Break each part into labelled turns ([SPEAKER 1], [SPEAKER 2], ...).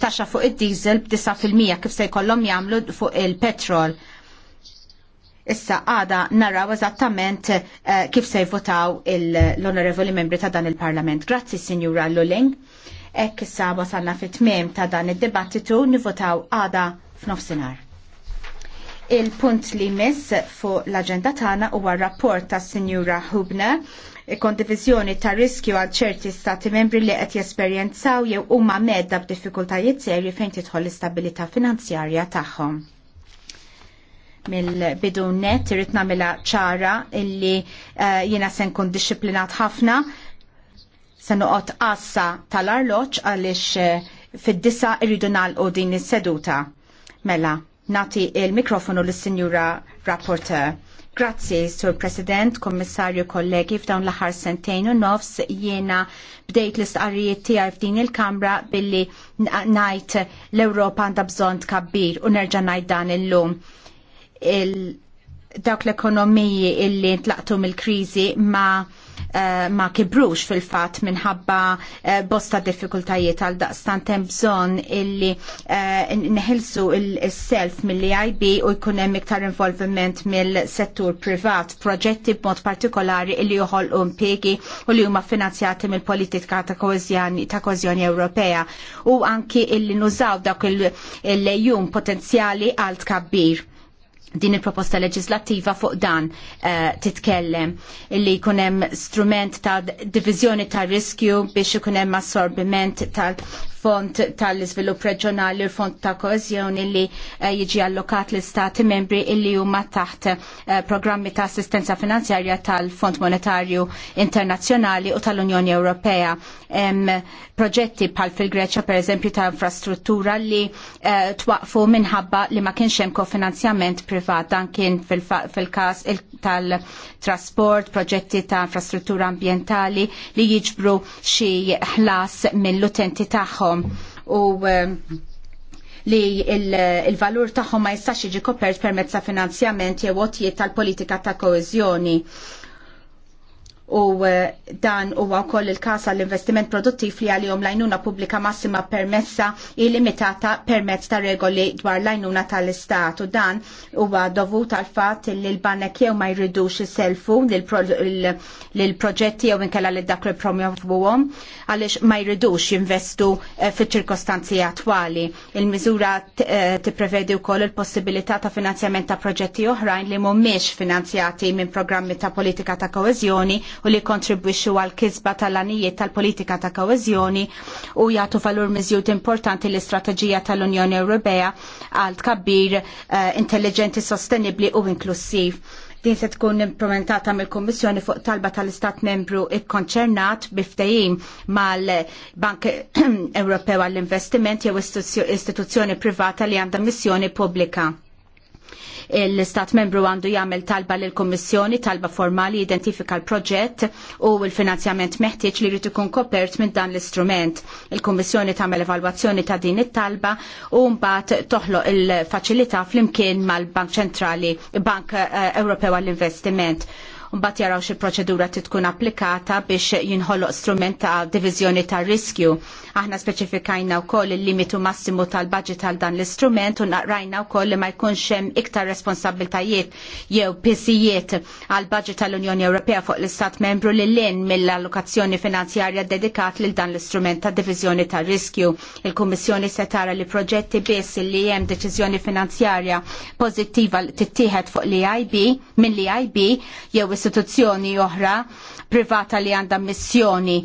[SPEAKER 1] taxxa fuq id-diesel mija kif se jkollhom jagħmlu fuq il-petrol. Issa għada naraw eżattament eh, kif se jvotaw l-onorevoli membri ta' dan il-Parlament. Grazzi, Sinjura Lulling. Ekk issa wasalna fit-tmiem ta' dan id-dibattitu nivotaw għada f'nofsinhar. Il-punt li miss fuq l-agenda tagħna huwa rapport tas Sinjura Hubner kondivizjoni ta' riskju għal ċerti stati membri li qed jesperjenzaw jew huma medda b'diffikultajiet serji fejn tidħol l-istabilità finanzjarja tagħhom mill-bidu net, irrit namela ċara illi uh, eh, jena sen kun disciplinat ħafna, sen uqot qassa tal-arloċ għalix uh, eh, fid-disa irridu nagħlqu din is-seduta. Mela, nati il-mikrofonu l-Sinjura Rapporteur. Grazzi, Sur President, Kommissarju, kollegi, f'dawn l-aħħar sentejn u nofs jiena bdejt l-istqarrijiet tiegħi f'din il-Kamra billi ngħid l-Ewropa għandha bżonn tkabbir u nerġa' ngħid dan illum. Il dawk l-ekonomiji illi ntlaqtu mill-kriżi ma' Eh, ma kibrux fil fatt minħabba eh, bosta diffikultajiet għal daqstan hemm bżonn illi eh, neħilsu il-self mill-IB u jkun hemm iktar involviment mill-settur privat, proġetti b'mod partikolari illi joħolqu impjegi u li huma finanzjati mill-politika ta' kozjoni Ewropea u anki illi nużaw dak il-lejjum potenzjali għal tkabbir din il-proposta leġislattiva fuq dan uh, titkellem li kunem strument ta' divizjoni ta' riskju biex hemm assorbiment tal fond tal-izvilupp reġjonali u fond ta' koezjoni li eh, jiġi allokat l-istati membri illi huma taħt eh, programmi ta' assistenza finanzjarja tal-Fond Monetarju Internazzjonali u tal-Unjoni Ewropea. Proġetti bħal fil-Greċja pereżempju ta' infrastruttura li eh, twaqfu minħabba li ma kienx hemm kofinanzjament privat dan kien fil-każ il tal-trasport, proġetti ta' infrastruttura ambjentali li jiġbru xi ħlas mill-utenti tagħhom u ehm, li il-valur il tagħhom ma jistax jiġi kopert permezz ta' finanzjament jew għotjiet tal-politika ta' koeżjoni u eh, dan huwa wkoll il-każ għall-investiment produttiv li għalihom lajnuna pubblika massima permessa illimitata permezz ta' regoli dwar lajnuna tal-istat u dan huwa dovut għal fatt li l-banek jew ma jridux iselfu l proġetti jew inkella li dak li promovuhom għaliex ma jridux jinvestu eh, fit ċirkostanzi attwali. Il-miżura eh, tipprevedi wkoll il-possibilità ta' finanzjament ta' proġetti oħrajn li mhumiex finanzjati minn programmi ta' politika ta' koeżjoni u li kontribwixxu għal kisba tal-anijiet tal-politika ta' koeżjoni u jagħtu valur miżjud importanti l-istrateġija tal-Unjoni Ewropea għal tkabbir eh, intelligenti, sostenibbli u inklusiv din se tkun implementata mill-Kommissjoni fuq talba tal-Istat membru ikkonċernat biftejim mal-Bank Ewropew għall-Investiment jew istituzzjoni privata li għandha missjoni pubblika l-Istat membru għandu jagħmel talba lill kummissjoni talba formali identifika l-proġett u l-finanzjament meħtieġ li jrid ikun kopert minn dan l-istrument. Il-Kummissjoni tagħmel evalwazzjoni ta' din it-talba u mbagħad toħloq il-faċilità flimkien mal-Bank Ċentrali, Bank eh, Ewropew għall-Investiment mbagħad jaraw xi proċedura tkun applikata biex jinħoloq strument ta' diviżjoni ta' riskju Aħna speċifikajna wkoll il-limitu massimu tal-budget għal dan l-istrument u naqrajna wkoll li ma jkunx hemm iktar responsabiltajiet jew pisijiet għal budget tal-Unjoni Ewropea fuq l-Istat membru li l-in mill-allokazzjoni finanzjarja dedikat lil dan l-istrument ta' diviżjoni ta' riskju. Il-Kummissjoni se tara li proġetti biss li hemm deċiżjoni finanzjarja pożittiva tittieħed fuq l-IB minn l-IB jew istituzzjoni oħra privata li għandha missjoni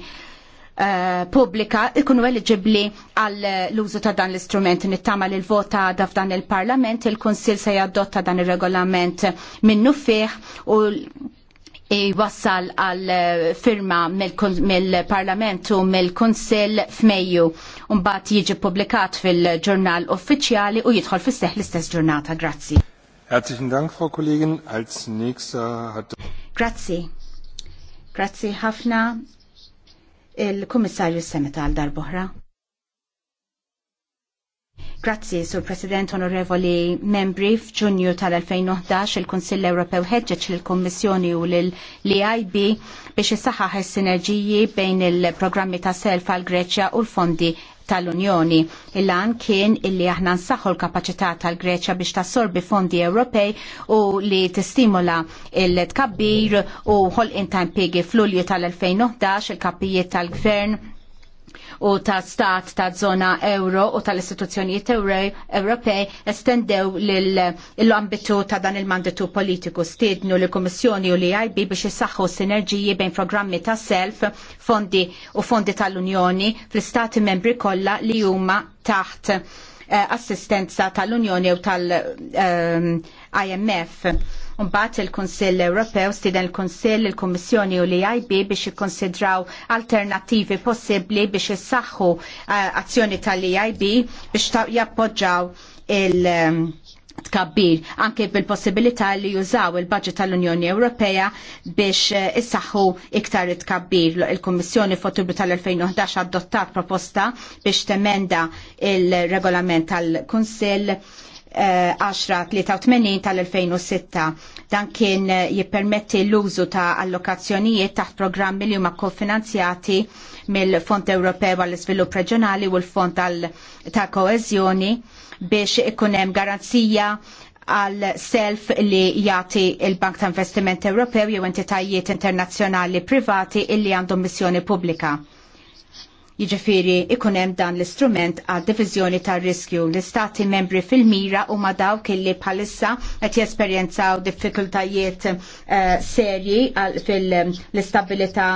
[SPEAKER 1] publika eh, pubblika ikunu eligibli għal eh, l-użu ta' dan l-istrument nittama li l-vota da' f'dan il-parlament, il-konsil se jadotta dan il-regolament minnu fih u jwassal għal eh, firma mill-parlament u mill-konsil f'Mejju u mbagħad jiġi publikat fil-ġurnal uffiċjali u jidħol fis seħ l-istess ġurnata. Grazzi.
[SPEAKER 2] Herzlichen Dank, Frau Kollegin. Als nächster hat... Grazzi.
[SPEAKER 1] Grazzi ħafna il-Kummissarju Semeta għal darbohra. Grazzi, Sur President Onorevoli Membri, f'Ġunju tal-2011 il-Kunsill Ewropew ħeġġeġ lill-Kummissjoni u l-IB biex isaħħaħ s sinerġiji bejn il-programmi ta' self għal Greċja u l-fondi tal-Unjoni. Il-lan kien illi aħna nsaħħu l-kapacità tal-Greċja biex tassorbi fondi Ewropej u li tistimula il-tkabbir u ħol intajn pigi fl-Ulju tal-2011 il kapijiet tal-Gvern u ta' stat ta' zona euro u tal-istituzzjonijiet Ewropej estendew l-ambitu ta' dan il-mandatu politiku stednu li kummissjoni u l-IB biex jisaxħu sinerġiji bejn programmi ta' self, fondi u fondi tal-Unjoni fl-istati membri kollha li huma taħt eh, assistenza tal-Unjoni u tal-IMF eh, Mbagħad il-Kunsill Ewropew stiden il-Kunsill, il-Kummissjoni u l ib biex jikkonsidraw alternattivi possibbli biex issaħħu eh, azzjoni tal-EIB biex jappoġġaw il- ehm, tkabbir anke bil-possibilità li jużaw il-budget tal-Unjoni Ewropea biex eh, issaħħu iktar tkabbir. Il-Kommissjoni f'Ottubru tal-2011 adottat proposta biex temenda il-regolament tal-Kunsill 10-83 tal-2006. Dan kien eh, jippermetti l-użu ta' allokazzjonijiet taħt programmi li huma kofinanzjati mill-Fond Ewropew għall-Iżvilupp Reġjonali u l-Fond ta' Koeżjoni biex ikun hemm garanzija għal self li jati il-Bank ta' Investiment Ewropew jew entitajiet internazzjonali privati illi għandhom missjoni pubblika. Jiġifieri ikun hemm dan l-istrument għad diviżjoni tar-riskju. L-istati membri fil-mira huma dawk illi bħalissa qed jesperjenzaw diffikultajiet eh, serji fil-istabilità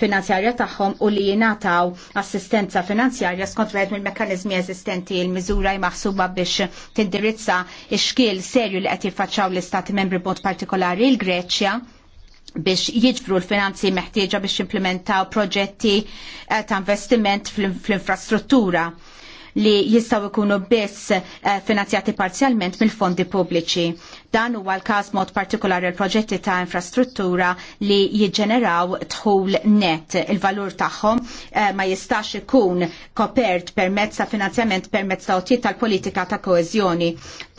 [SPEAKER 1] finanzjarja tagħhom u li jingħataw assistenza finanzjarja skont wieħed mill-mekkaniżmi eżistenti l miżura maħsuba biex tindirizza x-xkiel serju li qed jiffaċċaw l-istati membri b'mod partikolari l-Greċja biex jiġbru l-finanzi meħtieġa biex implementaw proġetti eh, ta' investiment fl-infrastruttura li jistaw ikunu biss eh, finanzjati parzjalment mill-fondi pubbliċi. Dan huwa l-każ mod partikolari l-proġetti ta' infrastruttura li jiġġeneraw dħul net. Il-valur tagħhom eh, ma jistax ikun kopert permezz ta' finanzjament permezz ta' otjiet tal-politika ta' koeżjoni.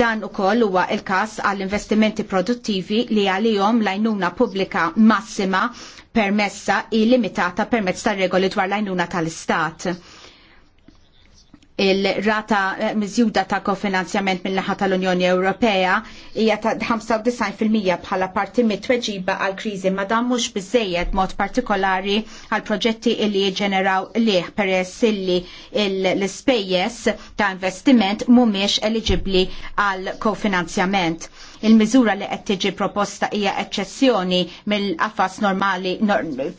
[SPEAKER 1] Dan ukoll huwa l-każ għall-investimenti produttivi li għalihom l-għajnuna pubblika massima permessa illimitata limitata permezz ta' regoli dwar l-għajnuna tal-istat il-rata eh, miżjuda ta' kofinanzjament minn naħa tal-Unjoni Ewropea hija ta' 95% bħala parti mit għal kriżi ma dan mhux biżejjed mod partikolari għal proġetti li jiġġeneraw liħ peress illi l-ispejjeż ta' investiment mhumiex eliġibbli għal kofinanzjament. Il-miżura li qed tiġi proposta hija eċċessjoni mill-qafas normali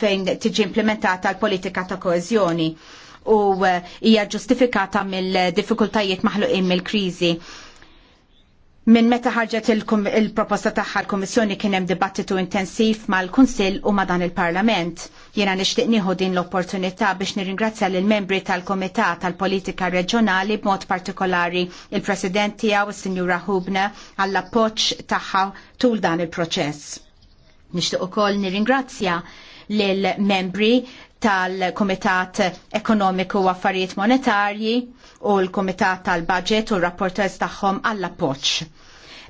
[SPEAKER 1] fejn tiġi implementata l-politika ta' koeżjoni u eh, hija ġustifikata mill-diffikultajiet maħluqin mill-kriżi. Minn meta ħarġet il-proposta tagħha l-Kummissjoni kien hemm dibattitu intensiv mal-Kunsill u ma' dan il-Parlament. Jiena nixtieq nieħu din l-opportunità biex nirringrazzja lill membri tal-Komitat tal-Politika Reġjonali b'mod partikolari il-President tiegħu is-Sinjura Hubna għall-appoġġ tagħha tul dan il-proċess. Nixtieq ukoll nirringrazzja lill membri tal-Komitat Ekonomiku u Affarijiet Monetarji u l-Komitat tal-Budget u r-rapporters tagħhom għall appoġġ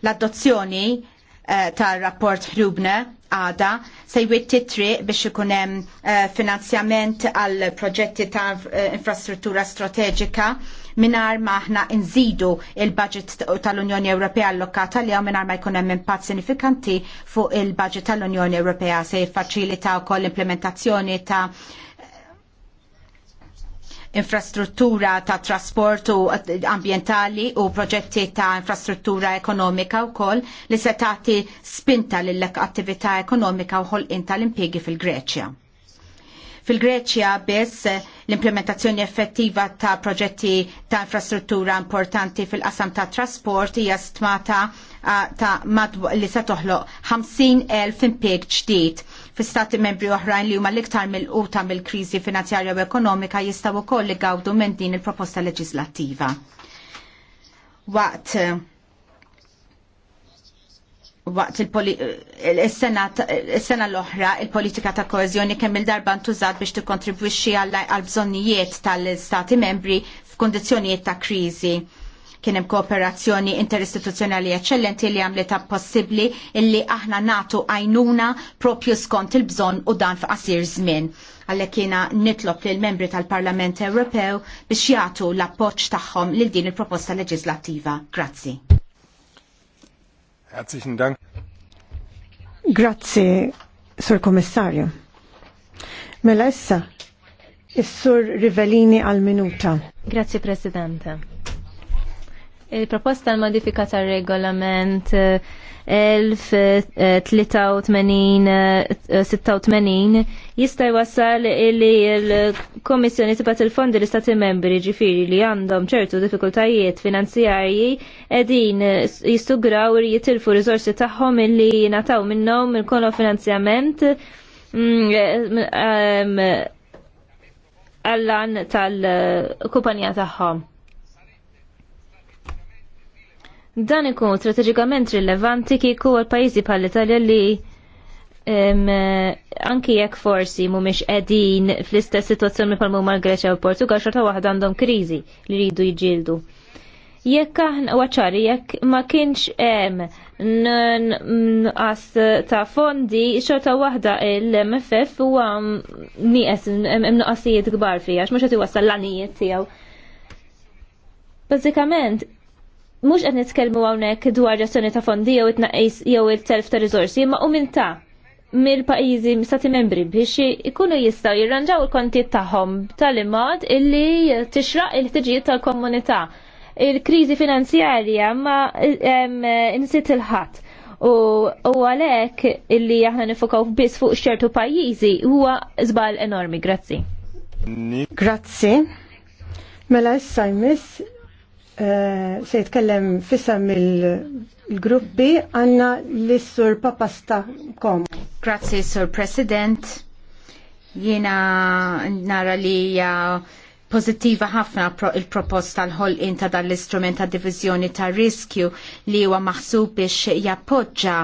[SPEAKER 1] L-adozzjoni eh, tal-rapport Hrubne għada se jwitt titri biex ikunem eh, finanzjament għal proġetti ta' infrastruttura strateġika minar ma aħna nżidu il-budget tal-Unjoni Ewropea allokata li għaw minar ma jkun hemm impatt sinifikanti fuq il-budget tal-Unjoni Ewropea se jiffaċilita wkoll l-implementazzjoni ta' infrastruttura ta' trasport ambientali u proġetti ta' infrastruttura ekonomika u koll li se tagħti spinta lill attività ekonomika u ħolqien tal impiegi fil-Greċja. Fil-Greċja biss l-implementazzjoni effettiva ta' proġetti ta' infrastruttura importanti fil-qasam ta' trasport hija stmata ta' li se toħloq 50,000 impieg ġdid fil stati membri oħrajn li huma l-iktar mill-quta mill-kriżi finanzjarja u ekonomika jistgħu wkoll li gawdu minn din il-proposta leġislattiva. Waqt waqt il-sena l-oħra il-politika ta' koezjoni kemm il-darba ntużat biex tikkontribwixxi għal bżonnijiet tal istati membri f'kundizzjonijiet ta' kriżi. Kien hemm kooperazzjoni interistituzzjonali eċċellenti li għamlet possibbli illi aħna natu għajnuna propju skont il-bżonn u dan f'qasir żmien. Għalhekk jiena nitlob lill membri tal-Parlament Ewropew biex jagħtu l-appoġġ tagħhom lil din il-proposta leġislattiva. Grazzi.
[SPEAKER 2] Herzlichen Dank.
[SPEAKER 3] Grazzi, Sur Kommissarju. Mela issa, sur Rivellini al minuta Grazie,
[SPEAKER 4] Presidente. Il-proposta l-modifika tar regolament 1083-86 eh, eh, eh, jista' jwassal li l-Komissjoni tibat il-fondi l-Istati membri ġifiri li għandhom ċertu diffikultajiet finanzjarji edin jistugraw li jitilfu riżorsi tagħhom li nataw minnhom il-kono finanzjament mm, mm, għallan tal-kumpanija tagħhom Dan ikun strateġikament rilevanti kieku għal pajjiżi bħal italja li anki jekk forsi mhumiex qegħdin fl-istess sitwazzjoni bħal mumma l-Greċja u Portugal xorta waħda għandhom kriżi li jridu jġildu. Jekk aħna waċari jekk ma kienx hemm nqas ta' fondi xorta waħda l-MFF u nieqes hemm nuqqasijiet kbar fiha għax mhux qed iwassal l-għanijiet tiegħu. Bażikament, mhux qed nitkellmu hawnhekk dwar ġestjoni ta' fondi jew it naqis jew it self ta' riżorsi, imma uminta mill-pajjiżi mistati membri biex ikunu jistgħu jirranġaw il-kontijiet tagħhom tal-imod illi tixraq il-ħtiġijiet tal-komunità. Il-kriżi finanzjarja ma insit il-ħadd u għalhekk illi aħna nifokaw biss fuq xertu pajjiżi huwa żball enormi, grazzi.
[SPEAKER 3] Grazzi. Mela issa jmiss Eh, se jitkellem mill-gruppi għanna l-Sur Papasta Kom. Grazie, Sur President.
[SPEAKER 1] Jena nara li pozittiva ħafna il-proposta l ħol ta' dan l-istrument ta' divizjoni ta' riskju li huwa maħsub biex jappoġġa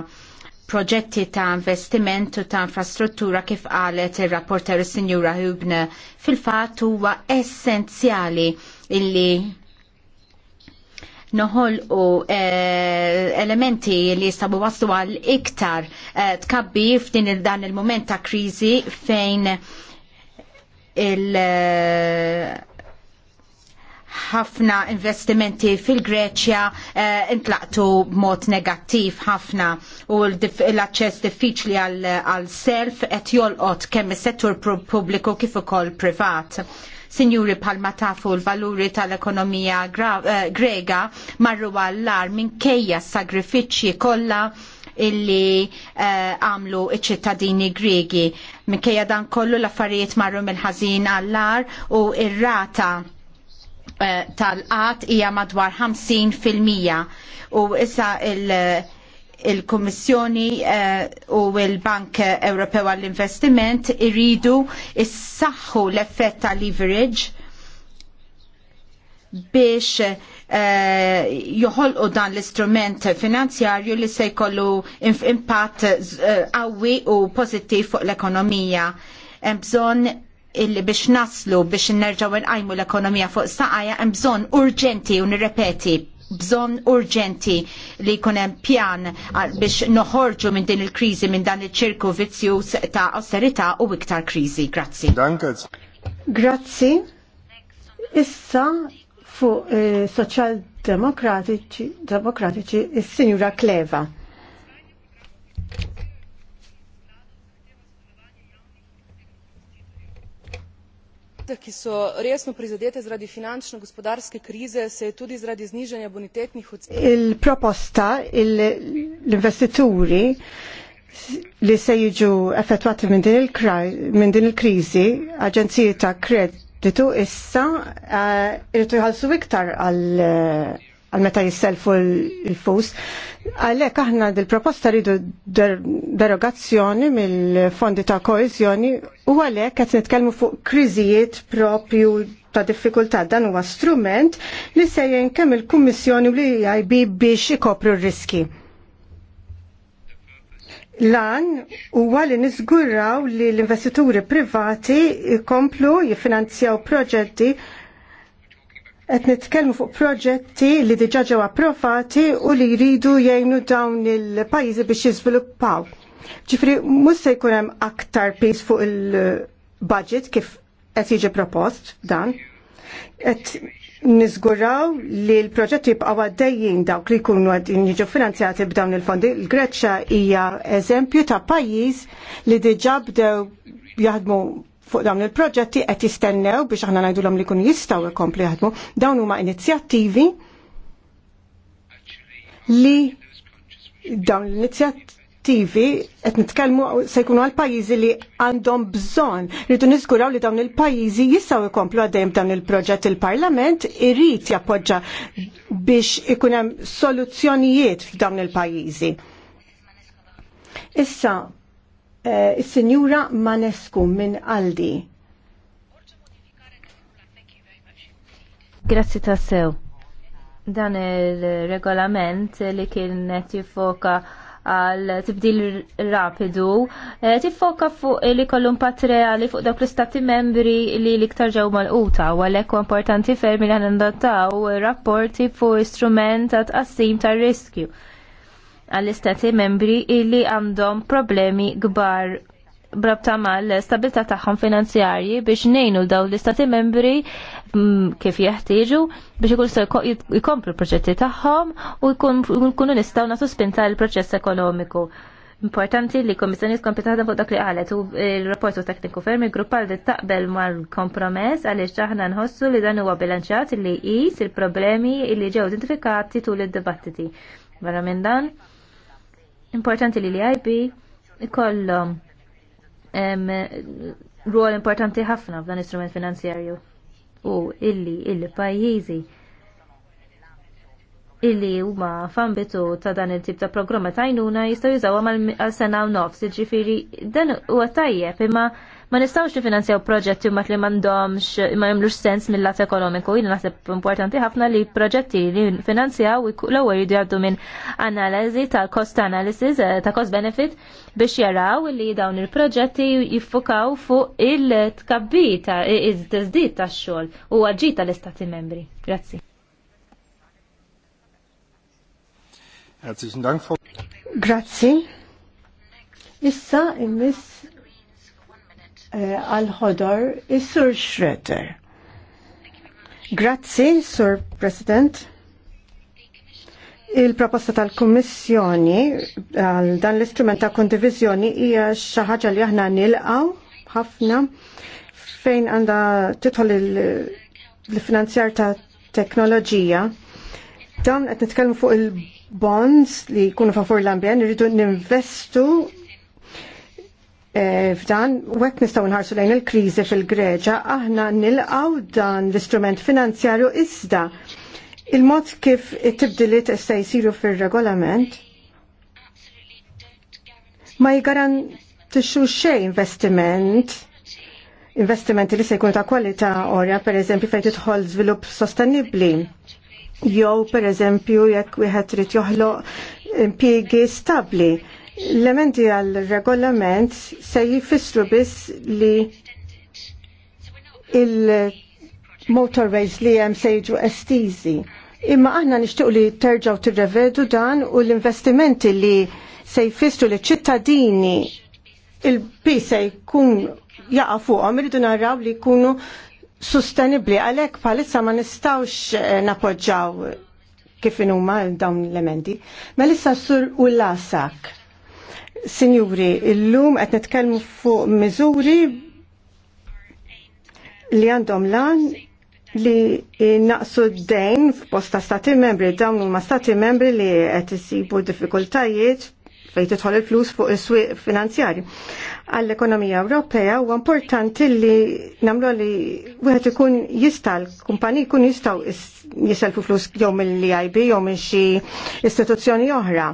[SPEAKER 1] proġetti ta' investiment u ta' infrastruttura kif qalet ir-rapporter Sinjura Hubner fil-fatt huwa essenzjali illi eh, elementi li jistabu waslu għal iktar eh, tkabbi f'din il dan il-moment ta' kriżi fejn il- eh, ħafna investimenti fil-Greċja eh, intlaqtu b'mod negattiv ħafna u l-aċċess diffiċli għal-self qed jolqot kemm is-settur pubbliku kif ukoll privat Sinjuri palma tafu l-valuri tal-ekonomija eh, grega marru għallar minn kejja sagrifiċi kolla illi eh, għamlu uh, iċ-ċittadini gregi. Minkejja dan kollu l-affarijiet marru mill-ħażin għallar u ir-rata uh, tal-qat hija madwar 50% u issa il- il-Kommissjoni eh, u il-Bank Ewropew għall-Investiment iridu issaħħu l-effett ta' leverage biex eh, joħolqu dan l-istrument finanzjarju li se jkollu impatt eh, qawwi u pożittiv fuq l-ekonomija. Hemm bżonn illi biex naslu biex nerġaw nqajmu l-ekonomija fuq saqajja hemm bżonn urġenti u nirrepeti bżon urġenti li kunem pjan biex noħorġu minn din il-krizi minn dan il-ċirku vizzjus ta' austerita u iktar
[SPEAKER 2] krizi. Grazzi.
[SPEAKER 3] Grazzi. Issa fuq eh, soċjal-demokratiċi, demokratiċi, il-Sinjura Kleva. ki so resno prizadete zaradi finančno-gospodarske krize, se je tudi zaradi znižanja bonitetnih ocen. Il-proposta, l-investituri li se jiġu effettwati minn din il-krizi, aġenziji ta' kreditu issa, eh, irritu jħalsu iktar għal eh, għal meta jisselfu l-fus. Għalek aħna dil-proposta rridu derogazzjoni mill-fondi ta' koezjoni u għalek qed nitkellmu fuq kriżijiet propju ta' diffikultà dan huwa strument li se kemm il-Kummissjoni u li ib biex ikopru r-riski. Lan huwa li niżgurraw li l-investituri privati jkomplu jiffinanzjaw proġetti qed nitkellmu fuq proġetti li diġà ġew approvati u li jridu jgħinu dawn il-pajjiżi biex jiżviluppaw. Ġifri, mhux se jkun hemm aktar pis fuq il-budget kif qed jiġi propost dan. Qed niżguraw li l-proġetti jibqgħu għaddejjin dawk li jkunu għaddin jiġu finanzjati b'dawn il-fondi. il greċja hija eżempju ta' pajjiż li diġà bdew jaħdmu fuq dawn il-proġetti qed jistennew biex aħna ngħidulhom li jkunu jistgħu jkomplu jaħdmu. Dawn huma inizjattivi li dawn l-inizjattivi qed nitkellmu se jkunu għal pajjiżi li għandhom bżonn. Rridu niżguraw li dawn il-pajjiżi jistgħu jkomplu għaddejjem dawn il-proġett il-Parlament irid jappoġġa biex ikun hemm soluzzjonijiet f'dawn il-pajjiżi. Issa, Eh, Is-Sinjura Manescu minn Aldi. Grazzi
[SPEAKER 4] tassew. Dan il-regolament li kienet jifoka għal tibdil rapidu, eh, tifoka fuq li kollum patrea li fuq dawk l-istati membri li liktar ġew mal uta għalek u importanti fermi li għan rapporti fuq istrument ta' tqassim tar riskju għall-istati membri illi għandhom problemi kbar brabta mal stabilta tagħhom finanzjarji biex nejnu daw l-istati membri mm, kif jeħtieġu biex ikun jkomplu proġetti tagħhom u jkunu nistgħu nasu spinta l-proċess ekonomiku importanti li komissjoni kompetata fuq dak li qalet u l-rapportu tekniku ferm il għal li taqbel mal-kompromess għaliex aħna nħossu li dan huwa bilanċat li jqis il-problemi li ġew identifikati tul id-dibattiti. Barra minn dan, Importanti li li ib ikollhom ruol importanti ħafna f'dan l-istrument finanzjarju u illi il-pajjiżi illi huma f'ambitu ta' dan il-tip ta' programma tajnuna jistgħu jużawha għal sena u nofs, jiġifieri dan huwa tajjeb imma Ma nistawx nifinanzjaw proġetti ma li mandomx ma jimlux sens mill-lat ekonomiku. Jina naħseb importanti ħafna li proġetti li finanzjaw l-ewwel jridu jgħaddu minn analizi tal-cost analysis eh, ta' cost benefit biex jaraw li dawn il-proġetti jiffukaw fuq il-tkabbita, il-tezdid tax-xogħol u għagġi tal-istati membri. Grazzi.
[SPEAKER 2] Grazzi.
[SPEAKER 3] Grazie. Issa immis Eh, għal-ħodor is-Sur Schroeder. Grazzi, Sur President. Il-proposta tal-Kummissjoni għal dan l-istrument ta' kondivizjoni hija xi ħaġa li aħna nilqgħu ħafna fejn għandha titħol il-finanzjar ta' teknoloġija. Dawn qed nitkellmu fuq il-bonds li jkunu favur l-ambjent, irridu ninvestu Eh, f'dan, u għek nistaw nħarsu lejn il-krizi fil-Greġa, aħna nilqaw dan l-istrument finanzjarju iżda. Il-mod kif it-tibdiliet issa jisiru fil-regolament ma jgarantixxu xejn investiment investimenti li se jkunu ta' kwalità orja, per eżempju, fejn tidħol żvilupp sostenibbli. Jew per eżempju, jekk wieħed trid joħloq impjiegi stabbli L-elementi għal-regolament se jifissru biss li il-motorways li jem se jiġu estizi. Imma aħna nixtiequ li terġaw tirrevedu dan u l-investimenti li se jfissru li ċittadini il-pi se jkun jaqafu fuqhom irridu naraw li jkunu sustenibli għalhekk bħalissa ma nistgħux eh, napoġġaw kif inhuma dawn l-elementi. Ma lissa sur u lasak. Sinjuri, lum qed nitkellmu fuq miżuri li għandhom lan li naqsu d-dejn f'posta stati membri, dawn huma stati membri li qed jisibu diffikultajiet fejt tidħol il-flus fuq is-swieq finanzjari. Għall-ekonomija Ewropea huwa importanti li nagħmlu li wieħed ikun jista' l kumpani jkun jistgħu jiselfu flus jew mill-IB jew minn xi istituzzjoni oħra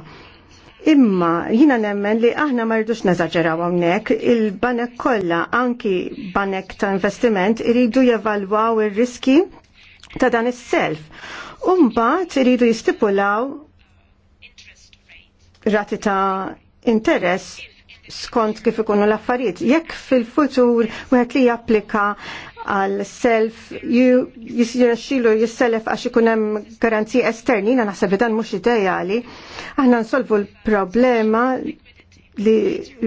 [SPEAKER 3] Imma jina nemmen li aħna ma rridux neżaġeraw hawnhekk, il-banek kollha anki banek ta' investiment iridu jevalwaw ir-riski ta' dan is-self. Umba, iridu jistipulaw rati ta' interess skont kif ikunu l-affarijiet. Jekk fil-futur wieħed li japplika għal self jisraxilu jisself għax ikunem garanzi esterni, na naħseb li dan mux ideali, aħna nsolvu l-problema li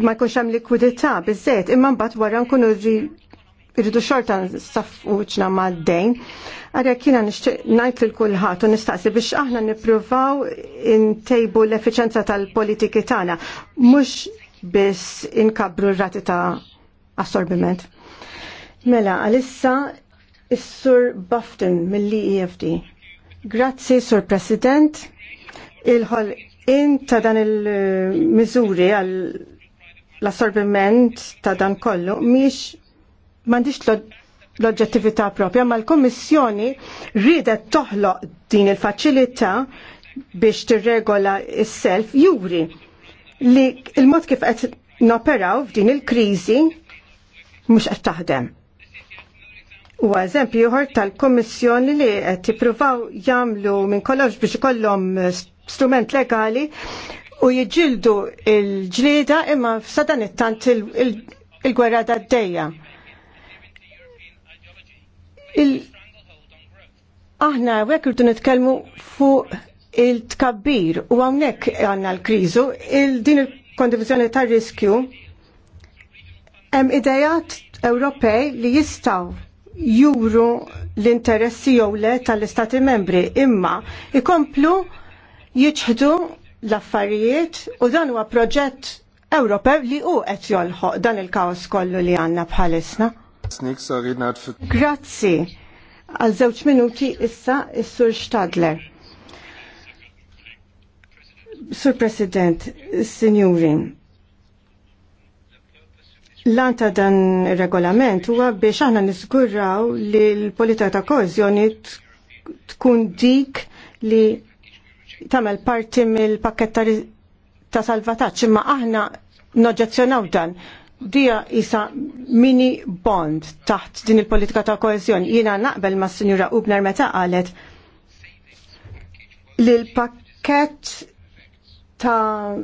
[SPEAKER 3] ma jkunx hemm likwidità bizzet, imma mbagħad wara nkunu irridu xorta nsaffqu ċna ma' d-dejn. Għarek jina najt l kulħat u nistaqsi biex aħna nipruvaw intejbu l-efficienza tal-politiki tagħna, mhux biss inkabru r-rati ta' assorbiment. Mela, għalissa is-Sur Bafton mill-EFD. Grazzi, Sur President. Il-ħol in ta' dan il-mizuri għal l-assorbiment ta' dan kollu miex mandiċ l-oġġettività propja, ma l komissjoni rridet toħloq din il-faċilità biex tirregola il self juri li il-mod kif qed noperaw f'din il-kriżi mhux qed taħdem. U eżempju ieħor tal-Kommissjoni li qed jippruvaw jagħmlu minn kollox biex ikollhom strument legali u jiġildu il-ġlieda imma f'sadan it-tant il-gwerra il tad-dejja. Il Aħna hekk irdu nitkellmu fuq il-tkabbir u hawnhekk għandna l-kriżu il-din il-kondivizjoni tar-riskju hemm idejat Ewropej li jistgħu juru l-interessi jew le tal-istati membri imma ikomplu jiġħdu l-affarijiet u dan huwa proġett Ewropew li hu qed jolħoq dan il-kaos kollu li għandna bħalisna. Grazzi. Għal żewġ minuti issa is-Sur Stadler. Sur President, Signorin, Lan ta' dan regolament huwa biex aħna nisgurraw li l-politika ta' kozjoni tkun dik li tagħmel parti mill-pakket ta' salvataġġ imma aħna noġġezzjonaw dan. Dija isa mini bond taħt din il-politika ta' koezjoni. Jiena naqbel ma' sinjura Ubner meta qalet li l-pakket ta'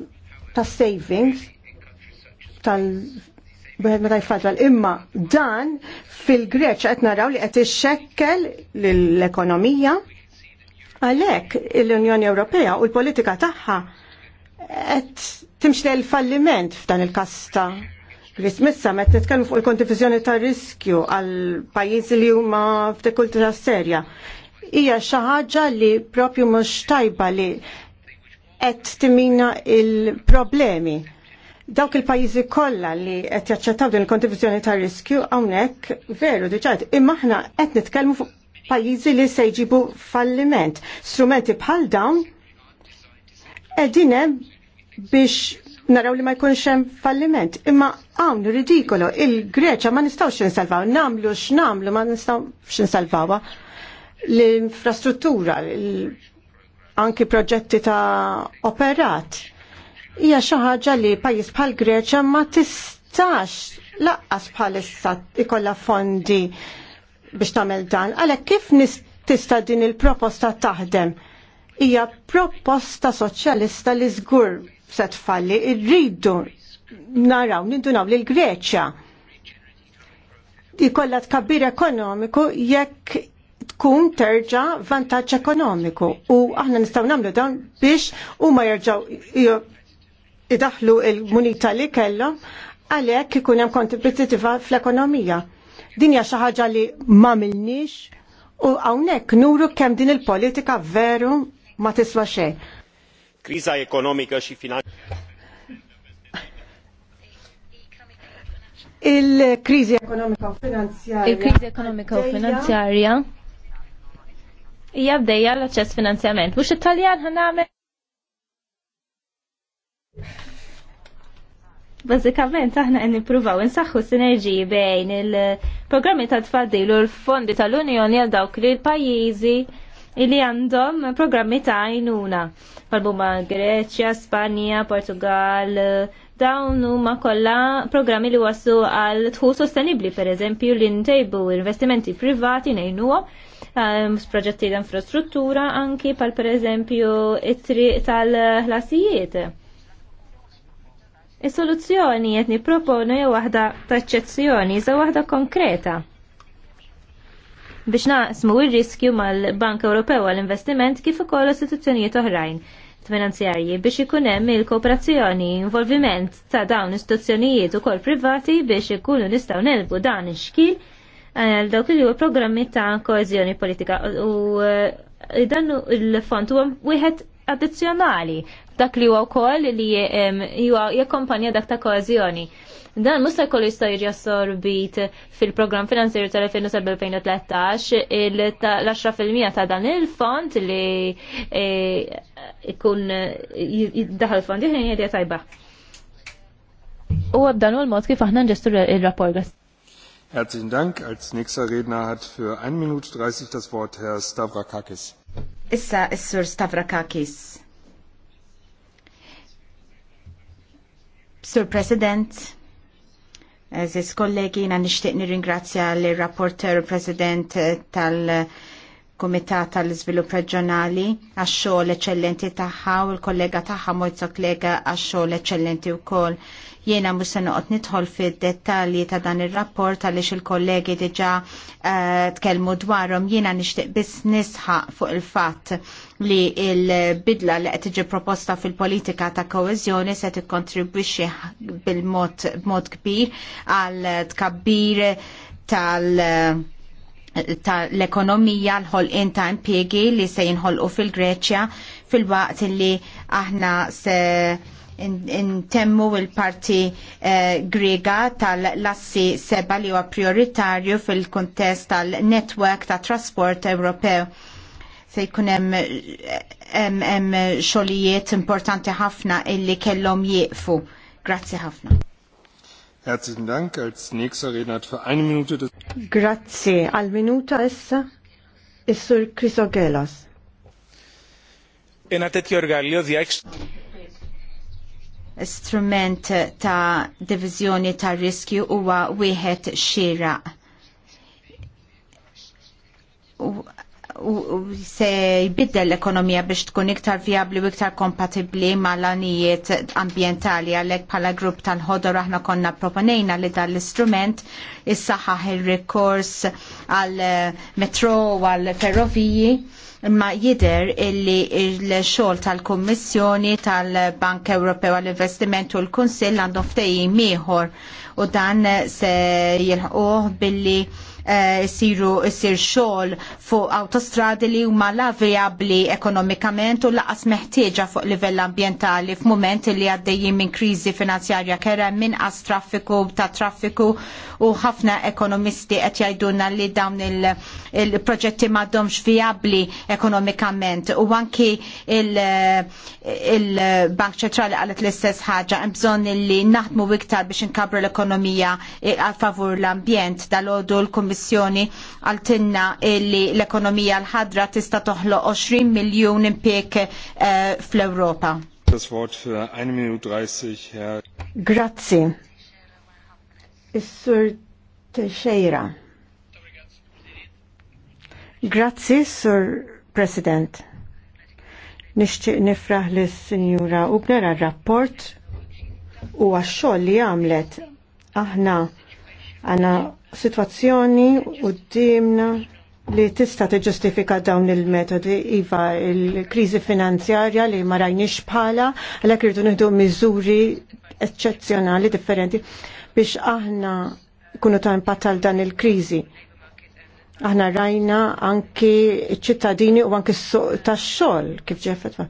[SPEAKER 3] ta' savings tal Bħed meta jfadlal. Imma dan fil-Greċ qed naraw li qed ixxekkel l-ekonomija għalhekk l-Unjoni Ewropea u l-politika tagħha qed timxi l-falliment f'dan il-kasta. Missa met nitkellmu fuq il-kontifizjoni ta' riskju għal pajjiżi li huma f'dikultura serja. Hija xi ħaġa li propju mhux tajba li qed timina il-problemi dawk il-pajjiżi kollha li qed jaċċettaw din il-kontribuzzjoni ta' riskju hawnhekk veru diċajt, imma aħna qed nitkellmu fuq li se jġibu falliment. Strumenti bħal dawn qegħdin hemm biex naraw li ma jkunx hemm falliment. Imma hawn ridikolo il-Greċja ma nistgħux insalvaw, namlu x'namlu ma nistgħux insalvawha l-infrastruttura, anki proġetti ta' operat hija xi ħaġa li pajjiż bħal Greċja ma tistax laqqas bħalissa ikollha fondi biex tagħmel dan. Għalhekk kif tista' din il-proposta taħdem? Hija proposta soċjalista li żgur se tfalli rridu naraw nindunaw lil Greċja jikolla tkabbir ekonomiku jekk tkun terġa vantaġġ ekonomiku u aħna nistgħu nagħmlu dan biex huma jerġgħu idaħlu il-munita li kellhom għalhekk ikun hemm kontributtiva fl-ekonomija. Dinja xaħġa xi ħaġa li m'għamilniex u hawnhekk nuru kemm din il-politika veru ma tiswa xejn. Kriza ekonomika xi finanzjarja. Il-kriżi ekonomika u finanzjarja. Il-kriżi ekonomika u finanzjarja. Hija
[SPEAKER 4] bdejja l ċess finanzjament. Mux it-Taljan ħanamel Bazzikament aħna għen nippruvaw insaħħu sinerġiji bejn il-programmi ta' tfaddil u l-fondi tal-Unjoni għal dawk li l-pajjiżi li għandhom programmi ta' għajnuna. Palbuma Greċja, Spanja, Portugal, dawn huma kollha programmi li wasu għal tħul sostenibbli pereżempju li ntejbu investimenti privati ngħinuhom ehm, proġetti ta' infrastruttura anki pal pereżempju it-triq tal-ħlasijiet Is-soluzzjoni qed nipproponu hija waħda ta' eċċezzjoni, iżda waħda konkreta. Biex naqsmu r-riskju mal-Bank Ewropew għall-investiment kif ukoll istituzzjonijiet oħrajn finanzjarji biex ikun hemm il-kooperazzjoni involviment ta' dawn istituzzjonijiet ukoll privati biex ikunu nistgħu nelbu dan ix-xkil eh, għal dawk li huwa programmi ta' koeżjoni politika u eh, dan il-fond huwa wieħed addizjonali dak li huwa wkoll li huwa jakkompanja dak ta' koeżjoni. Dan musa jkollu jista' jiġi assorbit fil-programm finanzjeru tal-2007-2013 l-10% ta' dan il-fond li jkun e, jiddaħal fond jħin jgħidja tajba. U għabdan u l-mod kif aħna nġestur il-rapport.
[SPEAKER 2] Herzlichen Dank. Als nächster Redner hat für 1 Minute 30 das Wort Herr Stavrakakis.
[SPEAKER 1] Issa is-sur Stavrakakis. Sur President, Eżis kollegi, na nishtiq nirringrazzja l-rapporter President eh, tal- Kumitat tal-Iżvilupp Reġjonali għax-xogħol eċċellenti tagħha u l-kollega tagħha Mojzo Klega għax-xogħol eċċellenti wkoll. Jiena mhux se noqgħod nidħol fid-dettalji ta' dan ir-rapport għaliex il-kollegi diġà eh, tkellmu dwarhom jiena nixtieq biss nisħaq fuq il-fatt li l-bidla li qed tiġi proposta fil-politika ta' koeżjoni se tikkontribwixxi bil-mod kbir għal tkabbir tal- l-ekonomija l-ħolqin ta' impiegi li se jinħolqu fil-Greċja fil-waqt li aħna se intemmu il-parti eh, grega tal-lassi seba li huwa prioritarju fil-kontest tal-network ta' trasport Ewropew. Se jkun hemm xogħlijiet importanti ħafna illi kellhom
[SPEAKER 3] jieqfu. Grazzi ħafna.
[SPEAKER 2] Herzlichen Dank. Als nächster Redner hat für eine Minute das.
[SPEAKER 3] Grazie. Al minuta essa is Sur Chrysogelos.
[SPEAKER 2] Ένα τέτοιο εργαλείο διάχυση
[SPEAKER 1] strument ta' divizjoni ta' riskju huwa wieħed xira se jbiddel l-ekonomija biex tkun iktar viabli u iktar kompatibli ma l-anijiet ambientali għalek pala grupp tal-ħodor aħna konna proponejna li dan l-istrument issaħħaħ il-rekors għal eh, metro u għal ferroviji imma jider illi il-xol tal-Kommissjoni tal-Bank Ewropew għal-Investiment u l-Kunsill għandhom ftejjim ieħor u dan se jilħquh billi jsiru eh, jsir xogħol fuq autostradi li huma la vijabbli ekonomikament u laqas meħtieġa fuq livell ambjentali f'mument li għaddejjin minn kriżi finanzjarja kera minn qas traffiku ta' traffiku u ħafna ekonomisti qed jgħidulna li dawn il-proġetti il m'għadhomx vijabbli ekonomikament u anki il-Bank il ċentrali qalet l-istess ħaġa hemm bżonn li naħdmu iktar biex inkabru l-ekonomija eh, għal favur l-ambjent dal-għodu l kummissarju il-Kummissjoni għaltinna li l-ekonomija l-ħadra tista' toħlo 20 miljon impjeg fl europa
[SPEAKER 3] Grazzi. Is-Sur Teixeira. Grazzi, Sur President. Nishtiq nifraħ li s sinjura Ubner għar-rapport u għax-xogħol li għamlet aħna ah, Għanna situazzjoni u dimna li tista t-ġustifika dawn il-metodi iva il-krizi finanzjarja li ma rajniex bħala għalhekk irridu nieħdu miżuri eċċezzjonali differenti biex aħna kunu ta' impattal għal dan il-krizi. Aħna rajna anki ċittadini u anki tax-xogħol kif ġefet.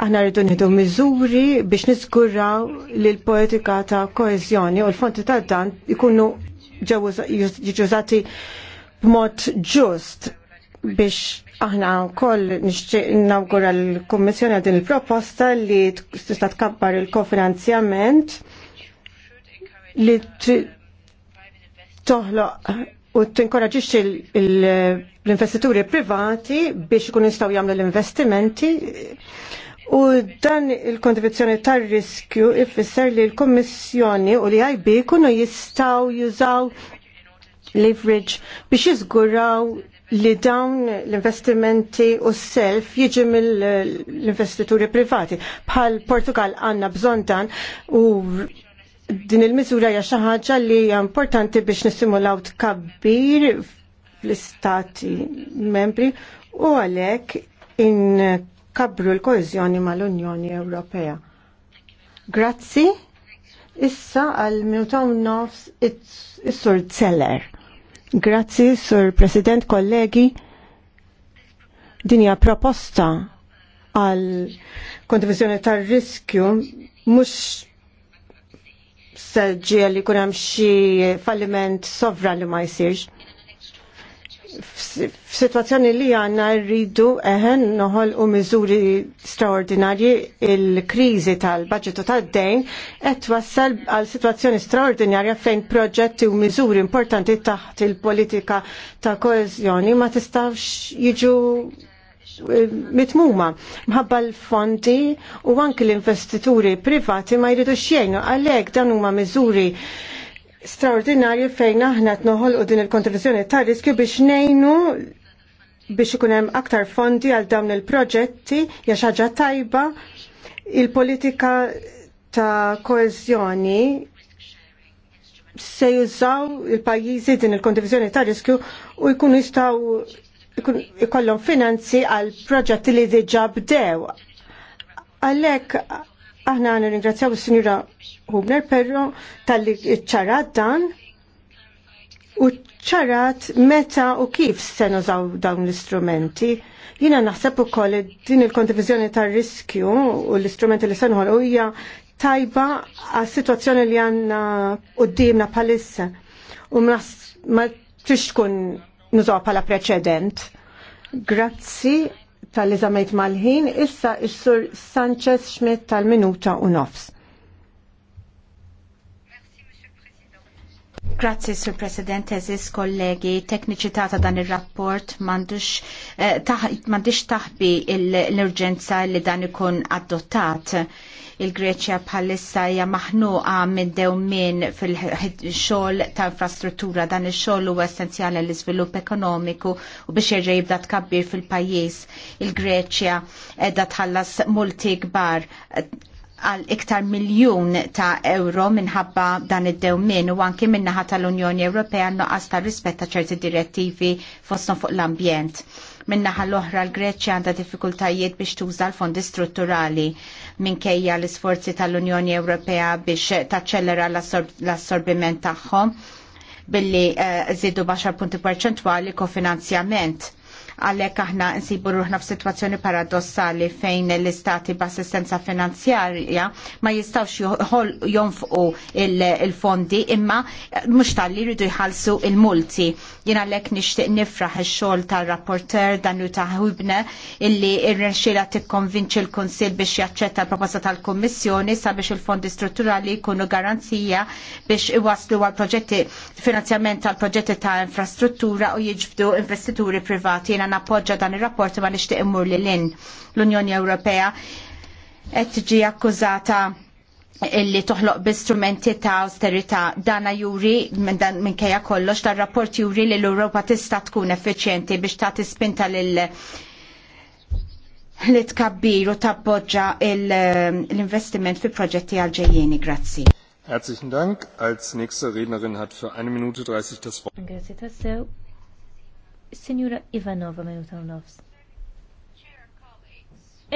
[SPEAKER 3] Aħna rridu nieħdu miżuri biex niżguraw li l-politika ta' koeżjoni u l-fonti ta' dan ikunu ġużati b'mod ġust biex aħna wkoll nixtieq nawgura l-Kummissjoni għal din il-proposta li tista' tkabbar il-kofinanzjament li toħloq u tinkoraġixxi l-investituri privati biex ikun jistgħu jagħmlu l-investimenti U dan il-kontribuzzjoni tar riskju ifisser li l-Kommissjoni u li IB kunu jistaw jużaw leverage biex jizguraw li dawn l-investimenti u self jiġi mill-investituri privati. Bħal Portugal għanna bżon dan u din il-miżura hija xi ħaġa li hija importanti biex nistimulaw tkabbir fl-istati membri u għalhekk in kabru l-koezjoni mal-Unjoni Ewropea. Grazzi, issa għal Newton Nofs is-Sur Zeller. Grazzi, Sur President, kollegi, dinja proposta għal kondivizjoni tar-riskju mux seġġi li kunem xie falliment sovran li ma jisirx F-situazzjoni li għanna rridu eħen noħol u miżuri straordinarji il-krizi tal-budgetu tad-dejn qed wassal għal situazzjoni straordinarja fejn proġetti u miżuri importanti taħt il-politika ta' koezjoni ma tistax jiġu eh, mitmuma. Mħabba l-fondi u anki l-investituri privati ma jridu xjenu għalhekk dan huma miżuri straordinarju fejn aħna tnoħol u din il-kontribuzzjoni ta' riskju biex nejnu biex ikun hemm aktar fondi għal dawn il-proġetti jaxħaġa ħaġa tajba il-politika ta' koezjoni se jużaw il-pajjiżi din il-kontribuzzjoni ta' riskju u jkunu jistgħu ikollhom finanzi għal proġetti li diġà bdew. Għalhekk Aħna għana ringrazzjaw s sinjura Hubner, perro tal-li ċarat dan u ċarat meta u kif se nużaw dawn l-istrumenti. Jina naħseb u koll din il-kontivizjoni tar riskju u l-istrumenti li sen u hija tajba għas situazzjoni li għanna u d-dimna palissa. U ma trix tkun nużaw pala preċedent. Grazzi tal-li mal-ħin, issa is-sur Sanchez Schmidt tal-minuta u nofs.
[SPEAKER 1] Grazzi, Sur President, eżis kollegi, tekniċità ta' dan il-rapport mandux eh, taħbi l-urġenza li dan ikun adottat. Il-Greċja bħalissa hija maħnuqa minn dewmin fil-xogħol ta' infrastruttura dan ix-xogħol huwa essenzjali l-iżvilupp ekonomiku u biex jerġa' jibda tkabbir fil-pajjiż. Il-Greċja qiegħda tħallas multi kbar għal iktar miljun ta' euro minħabba dan id-dewmin u anki minnaħat tal-Unjoni Ewropea noqqas ta' rispetta ċerti direttivi fostom fuq l-ambjent. Minnaħa l-oħra l-Greċja għandha diffikultajiet biex tuża l-fondi strutturali minkejja l-isforzi tal-Unjoni Ewropea biex taċċellera l-assorbiment tagħhom billi uh, zidu 10 punti perċentwali kofinanzjament għalhekk aħna nsibu ruħna f'sitwazzjoni paradossali fejn l-istati b'assistenza finanzjarja ma jistgħux jonfqu il-fondi imma mhux tal-li jridu jħallsu il-multi. Jien għalhekk nixtieq nifraħ ix-xogħol tal rapporter dan u taħwibna illi t tikkonvinċi l-Kunsill biex jaċċetta l-proposta tal-Kummissjoni sabiex il-fondi strutturali jkunu garanzija biex iwaslu għal proġetti finanzjament tal proġetti ta' infrastruttura u jiġbdu investituri privati. Jena nappoġġa dan ir-rapport ma nixtieq immur lil lin l-Unjoni Ewropea qed tiġi akkużata illi toħloq b'istrumenti ta' austerità dana juri minn kejja kollox dar rapport juri li l-Europa tista' tkun effiċjenti biex ta' tispinta lil li tkabbir u tappoġġa l-investiment fi proġetti għalġejjeni. Grazzi.
[SPEAKER 2] Herzlichen Dank. Als nächste Rednerin hat für eine Minute 30 das
[SPEAKER 4] Wort. Signora Ivanova minuta u nofs.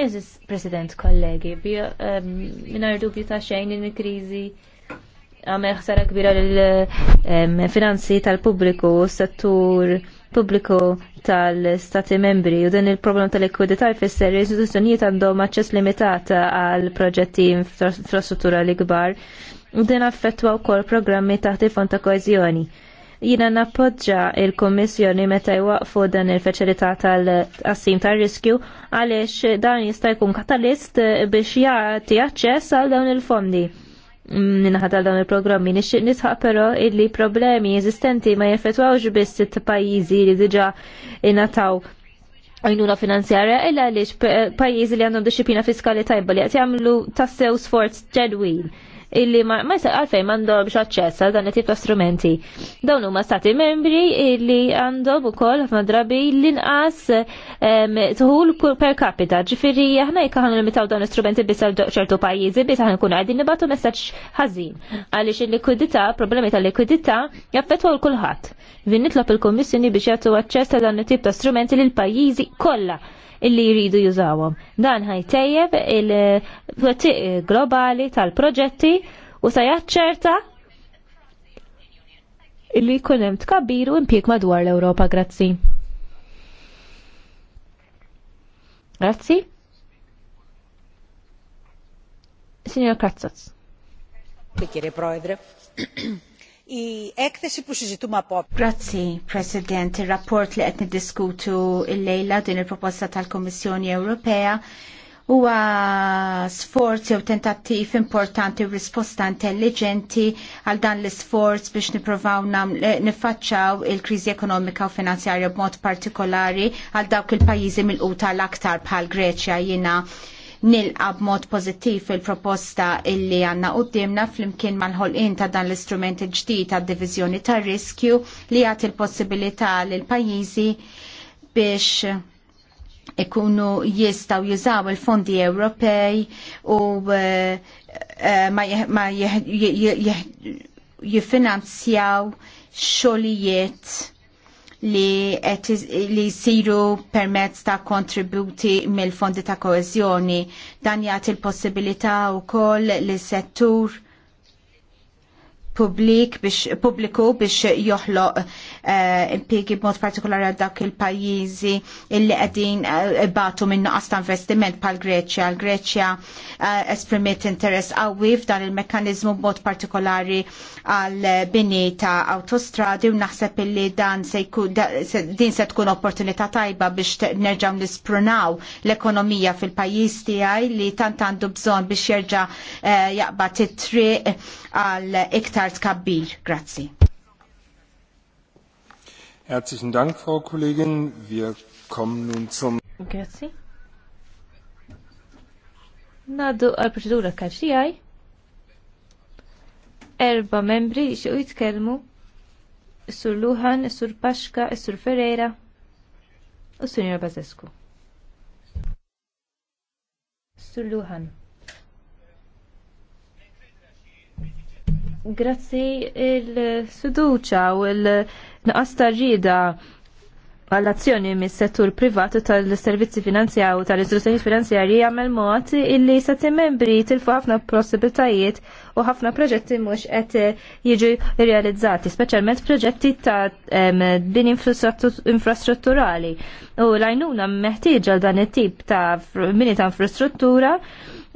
[SPEAKER 4] Eżis, President, kollegi, ehm, minar dubju ta' xejn in krizi għame ħsara kbira l-finanzi ehm, tal-pubbliku, settur pubbliku tal-stati membri u din il-problem tal-ekwidità jfisser l-istituzzjonijiet għandhom aċċess limitat għal proġetti infrastruttura li kbar u din affettwa wkoll programmi taħt il-fond ta' koeżjoni. Jina nappoġġa il-Kommissjoni meta jwaqfu dan il-feċilità tal assim tar-riskju għaliex dan jista' jkun katalist biex jagħti aċċess għal dawn il-fondi Ninaħat għal dawn il-programmi. Nixtieq nisħaq però illi problemi eżistenti ma jaffetwawx biss it pajjiżi li diġà ingħataw għajnuna finanzjarja illa għaliex pajjiżi li għandhom disċiplina fiskali tajba li qed jagħmlu tassew sforz ġedwin illi ma jisaq għalfej mandom xaċċess għal dan it-tip ta' strumenti. Dawn huma stati membri illi għandhom ukoll ħafna drabi l-inqas tħul per capita. Ġifieri aħna jekk aħna limitaw dawn l-istrumenti biss għal ċertu pajjiżi biss aħna nkunu qegħdin nibgħatu messaġġ ħażin għaliex il-likwidità, problemi tal-likwidità jaffettwa l kulħadd. Vin nitlob il kummissjoni biex jagħtu aċċess ta' dan it-tip ta' strumenti lil pajjiżi kollha illi jridu jużawhom. Dan ħajtejjeb il-twettiq globali tal-proġetti u sa jaċċerta illi jkun hemm tkabbir u impjieg madwar l-Ewropa, grazzi. Grazzi. Signor Kazzaz.
[SPEAKER 1] Bikiri proedre. Grazzi President. Il-rapport li qed niddiskutu il-lejla din il-proposta tal komissjoni Ewropea huwa sforz jew tentattiv importanti u risposta intelligenti għal dan l-isforz biex niprovaw nifacċaw il-kriżi ekonomika u finanzjarja b'mod partikolari għal dawk il-pajjiżi mill-quta aktar bħal Greċja jiena nilqa b'mod pożittiv il-proposta illi għanna qudiemna flimkien mal-ħolqien ta' dan l-istrument il-ġdid ta' diviżjoni ta' riskju li għat il-possibilità l pajjiżi biex ikunu jistaw jużaw il-fondi Ewropej u eh, eh, ma jifinanzjaw xolijiet li, li siru permezz ta' kontributi mill-fondi ta' koezjoni. Dan jagħti l-possibilità wkoll li settur publik biex publiku biex joħloq uh, b'mod partikolari għal dak il-pajjiżi illi qegħdin uh, eh, batu minn ta' investiment bħal Greċja. L-Greċja uh, eh, esprimiet interess qawwi f'dan il-mekkaniżmu b'mod partikolari għal bini ta' autostradi u naħseb illi dan se jkun din se tkun opportunità tajba biex nerġgħu nisprunaw l-ekonomija fil-pajjiż tiegħi li tant għandu bżonn biex jerġa' jaqbad it-triq għal iktar Charles tkabbir. Grazzi.
[SPEAKER 2] Herzlichen Dank, Frau Kollegin. Wir kommen nun zum...
[SPEAKER 1] Grazie.
[SPEAKER 4] Nadu għal-proċedura kaċ Erba membri li xequ jitkellmu Sur Luhan, Sur Paxka, Sur Ferreira u Sur Bazescu. Sur Luhan. Grazzi il-fiduċa u l-naqas tarġida għall-azzjoni mis settur privat tal-servizzi finanzjarju u tal istituzzjoni finanzjarji jagħmel mod illi sati membri tilfu ħafna possibilitajiet u ħafna proġetti mhux qed jiġu realizzati, speċjalment proġetti ta' bini infrastrutturali. U l-għajnuna għal dan it-tip ta' mini ta' infrastruttura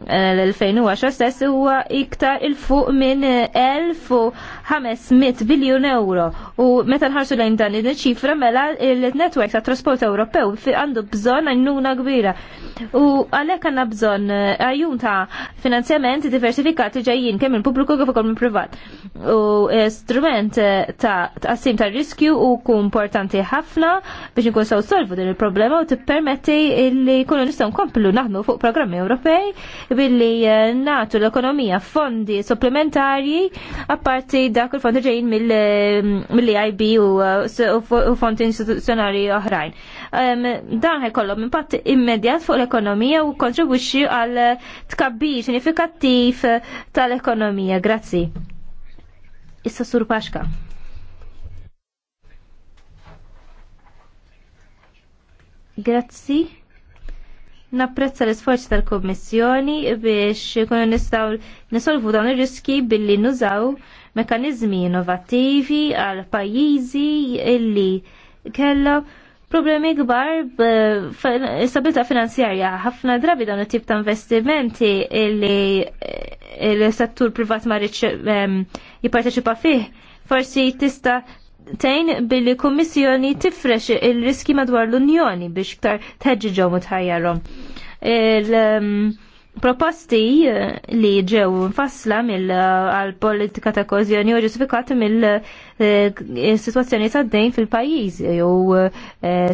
[SPEAKER 4] l-2010 stess huwa iktar il-fuq minn 1500 biljun euro. U meta nħarsu lejn dan il-ċifra mela il-netwerk ta' trasport Ewropew fi għandu bżonn għajnuna kbira. U għalhekk għandna bżonn eh, għajjun ta' finanzjament diversifikati ġejjin kemm il-pubbliku kif ukoll privat. U eh, strument eh, ta' tqassim ta' riskju u kumportanti ħafna biex nkun sew solvu din il-problema u tippermetti li kunu nistgħu nkomplu naħdmu fuq programmi Ewropej billi eh, natu l-ekonomija fondi supplementari apparti dak il-fondi ġejn mill-IB eh, eh, u fondi istituzzjonali oħrajn. Dan ħajkollhom impatt immedjat fuq l-ekonomija u kontribwixxi għal tkabbir sinifikattiv tal-ekonomija. Grazzi. Issa Sur Paxka. Grazzi. Napprezza l-isforzi tal-Kommissjoni biex kunu nistaw nisolvu dawn ir-riski billi nużaw mekanizmi innovativi għal pajjiżi illi kellha problemi kbar b'stabilità finanzjarja. Ħafna drabi dawn it-tip ta' investimenti li eh, l-settur privat ma rridx jipparteċipa fih forsi tista' tejn billi kummissjoni tifrex il-riski madwar l-Unjoni biex iktar tħeġġiġhom u tħajjarhom. Il-proposti um, uh, li ġew nfassla mill-politika uh, ta' kozjoni u ġustifikati mill-situazzjoni uh, ta' dejn fil-pajjiż jew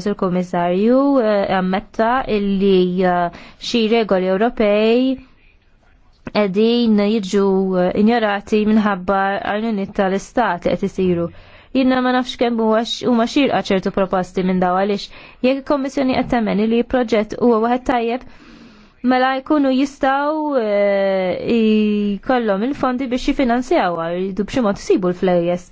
[SPEAKER 4] sur kummissarju ammetta illi xi regoli Ewropej edin jiġu injorati minħabba għajnuniet tal-istat li qed isiru jinnna ma nafx kemm huma xirqa ċertu proposti minn daw għaliex jekk il-Kommissjoni qed temmeni li proġett huwa waħed tajjeb mela jkunu jistaw eh, jkollhom il-fondi biex jifinanzjaw jridu b'xi mod sibu l-flejjes.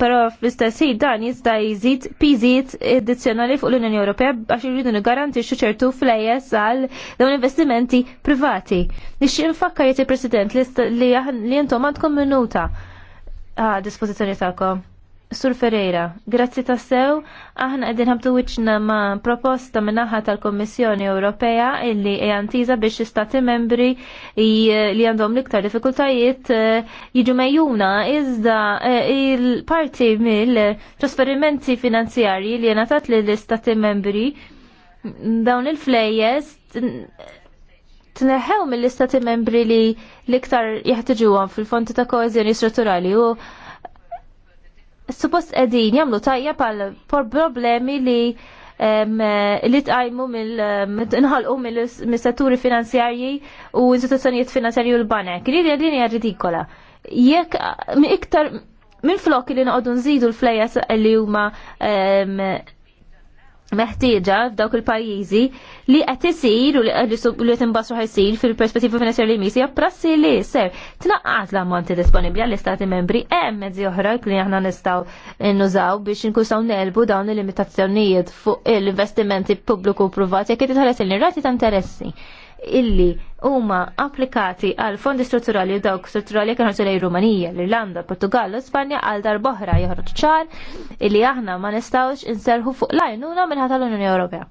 [SPEAKER 4] però fl-istess ħin dan jista' jżid piżijiet addizzjonali fuq l-Unjoni Ewropea għax irridu nigarantixxu ċertu flejjes għal dawn investimenti privati. nix nfakkar jeti President li intom għandkom minuta Ah, dispozizjoni tagħkom. Sur Ferreira, grazzi ta' sew, aħna għedin ħabtu wiċna ma' proposta minnaħa tal-Kommissjoni Ewropea illi ejantiza biex istati membri li għandhom liktar diffikultajiet eh, jiġu mejjuna iżda eh, il-parti mill-trasferimenti finanzjarji li jenatat li l-istati membri dawn il-flejes Tneħew mill-istati membri li l-iktar jeħtiġuhom fil-fonti ta' koezjoni strutturali u suppost qegħdin jagħmlu tajja pal problemi li li tqajmu mill-inħalqu mill-setturi finanzjarji u istituzzjonijiet finanzjarji u l-banek. Li din hija ridikola. Jekk iktar minn flok li noqogħdu nżidu l-flejas li huma meħtieġa f'dawk il-pajjiżi li qed isir u li qed imbassu ħajsir fil-perspettiva finanzjarja li misja prassi li ser tnaqqas l-ammonti disponibbli għall-istati membri hemm mezzi oħra li aħna nistgħu nużaw biex inkusaw nelbu dawn il-limitazzjonijiet fuq l-investimenti pubbliku u privati jekk qed itħares il-rati ta' interessi illi huma applikati għal fondi strutturali dawk strutturali kienu ġelej Rumanija, l-Irlanda, Portugal, Spanja għal darboħra joħroġ ċar illi aħna ma nistgħux inserħu fuq lajnuna minnħata l-Unjoni Ewropea.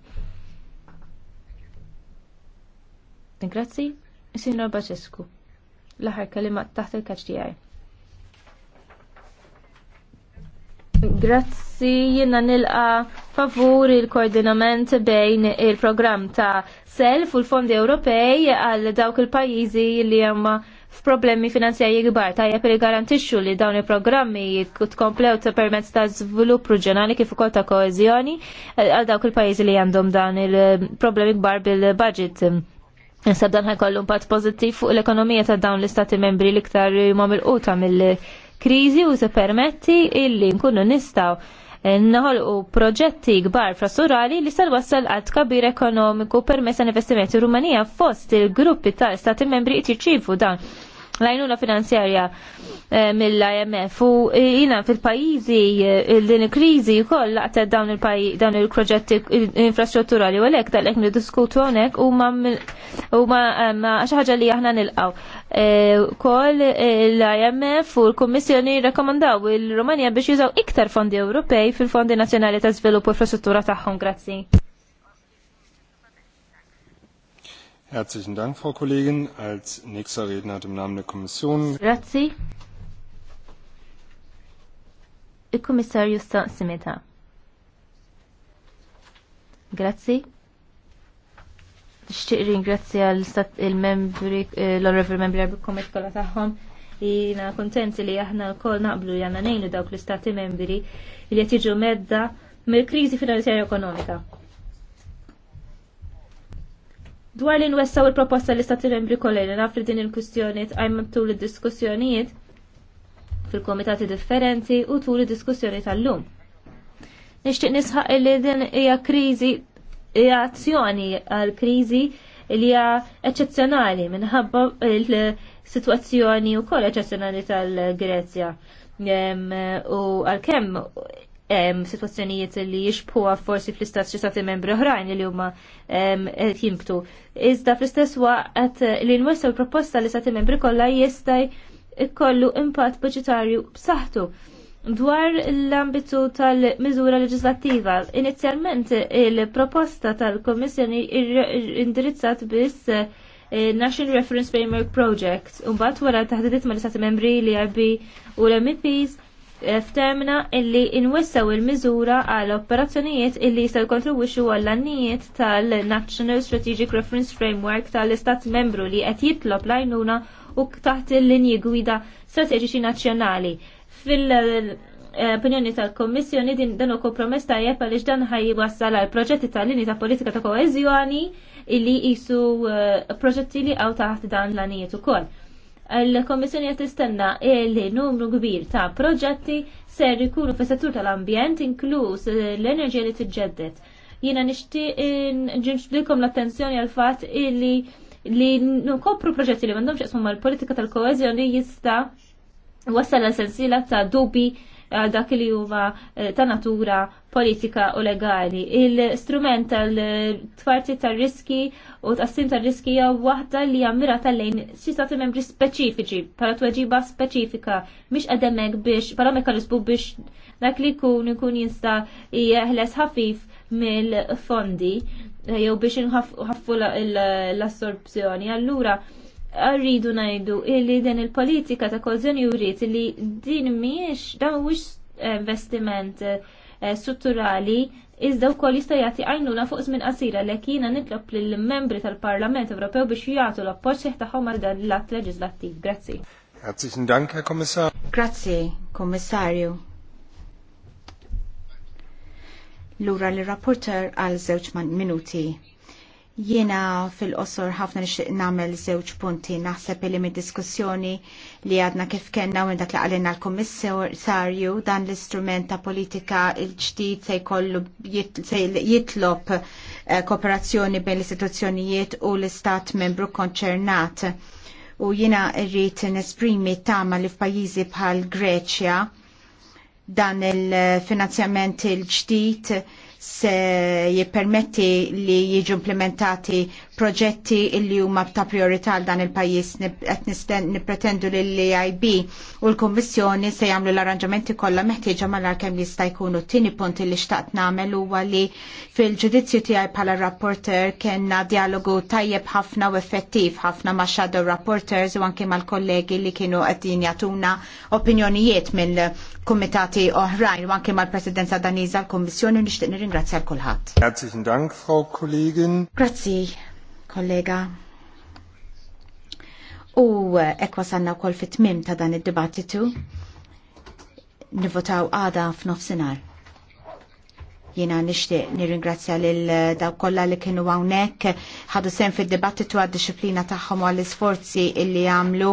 [SPEAKER 4] Grazzi, Sinor Bacescu. L-aħħar kelima taħt il-kaċ tiegħi. Grazzi, jiena nilqa' favur il-koordinament bejn il-programm ta' SELF u l-Fondi Ewropej għal dawk il-pajjiżi li huma f'problemi finanzjarji kbar tajjeb li garantixxu li dawn il-programmi tkomplew ta' permezz ta' żvilupp reġjonali kif ukoll ta' koeżjoni eh, għal dawk il-pajjiżi li għandhom dan il-problemi kbar bil-budget. Nsab dan ħajkollu impatt pożittiv fuq l-ekonomija ta' dawn l-istati membri l-iktar huma milquta mill-kriżi u se permetti illi nkunu nistaw. Nħolqu proġetti kbar frasturali li sal wassal għad kabir ekonomiku permessa investimenti Rumanija fost il-gruppi tal-Stati membri jtirċivu dan l-għajnuna finanzjarja eh, mill-IMF u eh, jina fil-pajizi eh, din il-krizi koll laqta dawn il-proġetti infrastrutturali u għalek tal-ek nid-diskutu għonek u ma xaħġa li aħna nilqaw. Koll l-IMF u l-Kommissjoni rekomandaw il-Romania biex jużaw iktar fondi Ewropej fil-Fondi Nazjonali ta' Zvilup u Infrastruttura tagħhom. Grazzi.
[SPEAKER 2] Herzlichen Dank, Frau Kollegin. Als nächster Redner hat im Namen der Kommission.
[SPEAKER 4] Grazie. Il-Kummissarju Simeta. Grazzi. Nixtieq ringrazzja l-membri eh, l-onorevoli membri għal komet kollha tagħhom. Jiena kontenti li aħna wkoll naqblu li għandna dawk l-istati membri li qed jiġu medda mill-kriżi finanzjarja ekonomika. Dwar li nwessaw il-proposta li stati membri kollegi naf li din il-kustjoni tqajm tul id-diskussjonijiet fil-komitati differenti u tul id-diskussjoni tal-lum. Nixtieq nisħaq li din hija kriżi hija azzjoni għal kriżi li hija eċċezzjonali minħabba l-sitwazzjoni wkoll eċċezzjonali tal-Grezja. U għalkemm situazzjonijiet li jixpuha forsi fl-istess stati membri oħrajn li huma jimktu. Iżda fl-istess waqt eh, li nwessaw proposta li stati membri kollha jista' kollu impatt budġetarju b'saħħtu. Dwar l-ambitu tal-miżura leġislattiva, inizjalment il-proposta tal-Komissjoni indirizzat biss eh, National Reference Framework Project, bat wara taħdidit ma l-istati membri li għabbi u l-MPs Ftermina illi inwissaw il-miżura għal operazzjonijiet illi jistgħu jkontribwixxu għall annijiet tal-National Strategic Reference Framework tal-Istat Membru li qed jitlob l-għajnuna u taħt il-linji gwida strateġiċi nazzjonali. Fil- opinjoni tal-Kommissjoni din dan huwa kompromess tajjeb għaliex dan ħaj wassal għal proġetti tal-linji ta' politika ta' koeżjoni illi jisu eh, proġetti li għaw taħt dan l-anijiet ukoll il-Komissjoni qed tistenna li numru kbir ta' proġetti ser ikunu fis-settur tal-ambjent inkluż l-enerġija li tiġġedded. Jiena nixtieq ġimxbilkom l-attenzjoni għal fatt li li nkopru proġetti li m'għandhomx qisma mal-politika tal-koeżjoni jista' wassal għal sensiela ta' dubi għal dak li huwa eh, ta' natura politika u legali. Il-strument tal-tfarti tal-riski u tassim tal-riski hija waħda li jammira tal-lejn xi stati membri speċifiċi bħala tweġiba speċifika mhix qedemek biex bħala mekanizmu biex dak li jkun ikun jista' jeħles ħafif mill-fondi eh, jew biex nħaffu l-assorbzjoni. Allura, rridu najdu illi din il-politika ta' kozjoni juriet li din miex dan mhuwiex eh, investiment eh, strutturali iżda wkoll jista' jagħti għajnuna fuq żmien qasira li jiena nitlob lill-membri tal-Parlament Ewropew biex jagħtu l-appoġġ tagħhom għal dan l-att leġislattiv. Grazzi.
[SPEAKER 2] Grazzi Dank, Herr Kommissar.
[SPEAKER 1] Grazie, Kommissarju. Lura l-rapporter għal żewġ minuti. Jiena fil-qosor ħafna nixtieq nagħmel żewġ punti naħseb li mid diskussjoni li għadna kif kellna minn dak li għalina l-Kummissarju dan l-istrument ta' politika l-ġdid se jkollu jitlob eh, kooperazzjoni bejn l-istituzzjonijiet u l-istat membru konċernat. U jiena rrid nesprimi tama li f'pajjiżi bħal Greċja dan il-finanzjament il-ġdid il finanzjament il ġdid se jippermetti li jiġu implementati proġetti illi huma ta' priorità għal dan il-pajjiż qed nippretendu lill l-EIB u l-Kummissjoni se jagħmlu l-arranġamenti kollha meħtieġa malar kemm jista' jkunu tieni punt li xtaqt nagħmel huwa li fil-ġudizzju tiegħi bħala rapporter kellna dialogu tajjeb ħafna u effettiv ħafna ma' shadow rapporters u anke mal-kollegi li kienu qed jagħtuna opinjonijiet mill-kumitati oħrajn u anke mal-Presidenza Daniża l-Kummissjoni nixtieq nirringrazzja l kulħadd.
[SPEAKER 2] Herzlichen Dank, Frau Kollegin.
[SPEAKER 1] Grazzi, kollega. U eh, ekwa sanna kol fit-tmim ta' dan id-dibattitu nivotaw għada f'nofsinar. Jena nishtiq nirringrazzja lil eh, daw kollha li kienu hawnhekk ħadu sen fid-dibattitu għad disciplina tagħhom għall isforzi illi għamlu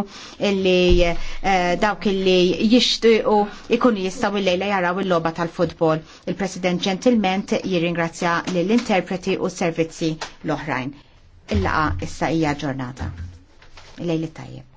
[SPEAKER 1] illi eh, dawk illi jixtiequ ikunu jistgħu lejla jaraw il-logħba tal-futbol. Il-President ġentilment jirringrazzja lill-interpreti u s servizzi l-oħrajn. Il-laqa issa hija ġurnata. Lejli tajjeb.